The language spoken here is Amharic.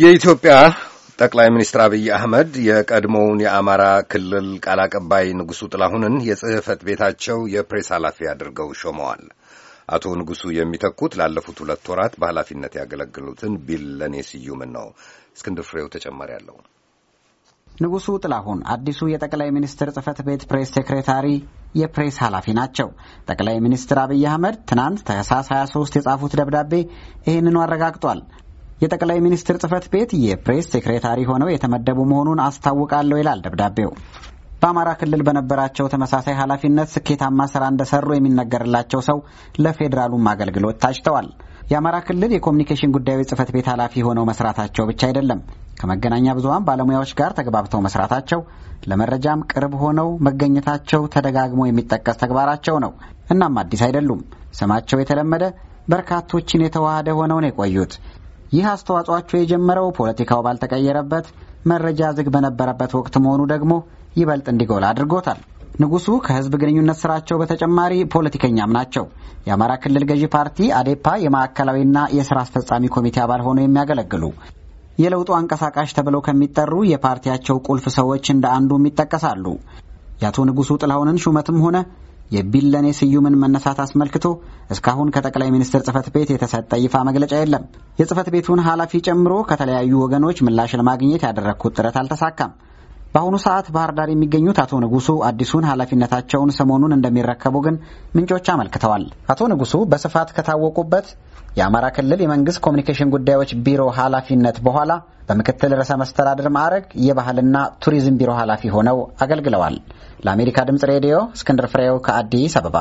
የኢትዮጵያ ጠቅላይ ሚኒስትር አብይ አህመድ የቀድሞውን የአማራ ክልል ቃል አቀባይ ንጉሡ ጥላሁንን የጽህፈት ቤታቸው የፕሬስ ኃላፊ አድርገው ሾመዋል። አቶ ንጉሡ የሚተኩት ላለፉት ሁለት ወራት በኃላፊነት ያገለግሉትን ቢለኔ ስዩምን ነው። እስክንድር ፍሬው ተጨማሪ አለው። ንጉሡ ጥላሁን አዲሱ የጠቅላይ ሚኒስትር ጽህፈት ቤት ፕሬስ ሴክሬታሪ የፕሬስ ኃላፊ ናቸው። ጠቅላይ ሚኒስትር አብይ አህመድ ትናንት ታህሳስ 23 የጻፉት ደብዳቤ ይህንኑ አረጋግጧል። የጠቅላይ ሚኒስትር ጽህፈት ቤት የፕሬስ ሴክሬታሪ ሆነው የተመደቡ መሆኑን አስታውቃለሁ ይላል ደብዳቤው። በአማራ ክልል በነበራቸው ተመሳሳይ ኃላፊነት ስኬታማ ስራ እንደሰሩ የሚነገርላቸው ሰው ለፌዴራሉም አገልግሎት ታጭተዋል። የአማራ ክልል የኮሚኒኬሽን ጉዳዮች ጽህፈት ቤት ኃላፊ ሆነው መስራታቸው ብቻ አይደለም፣ ከመገናኛ ብዙሀን ባለሙያዎች ጋር ተግባብተው መስራታቸው፣ ለመረጃም ቅርብ ሆነው መገኘታቸው ተደጋግሞ የሚጠቀስ ተግባራቸው ነው። እናም አዲስ አይደሉም። ስማቸው የተለመደ በርካቶችን የተዋሃደ ሆነው ነው የቆዩት። ይህ አስተዋጽኦአቸው የጀመረው ፖለቲካው ባልተቀየረበት መረጃ ዝግ በነበረበት ወቅት መሆኑ ደግሞ ይበልጥ እንዲጎላ አድርጎታል። ንጉሱ ከህዝብ ግንኙነት ስራቸው በተጨማሪ ፖለቲከኛም ናቸው። የአማራ ክልል ገዢ ፓርቲ አዴፓ የማዕከላዊና የስራ አስፈጻሚ ኮሚቴ አባል ሆነው የሚያገለግሉ የለውጡ አንቀሳቃሽ ተብለው ከሚጠሩ የፓርቲያቸው ቁልፍ ሰዎች እንደ አንዱም ይጠቀሳሉ። የአቶ ንጉሱ ጥላሁንን ሹመትም ሆነ የቢለኔ ስዩምን መነሳት አስመልክቶ እስካሁን ከጠቅላይ ሚኒስትር ጽህፈት ቤት የተሰጠ ይፋ መግለጫ የለም። የጽህፈት ቤቱን ኃላፊ ጨምሮ ከተለያዩ ወገኖች ምላሽ ለማግኘት ያደረግኩት ጥረት አልተሳካም። በአሁኑ ሰዓት ባህር ዳር የሚገኙት አቶ ንጉሱ አዲሱን ኃላፊነታቸውን ሰሞኑን እንደሚረከቡ ግን ምንጮች አመልክተዋል። አቶ ንጉሱ በስፋት ከታወቁበት የአማራ ክልል የመንግስት ኮሚኒኬሽን ጉዳዮች ቢሮ ኃላፊነት በኋላ በምክትል ርዕሰ መስተዳድር ማዕረግ የባህልና ቱሪዝም ቢሮ ኃላፊ ሆነው አገልግለዋል። ለአሜሪካ ድምፅ ሬዲዮ እስክንድር ፍሬው ከአዲስ አበባ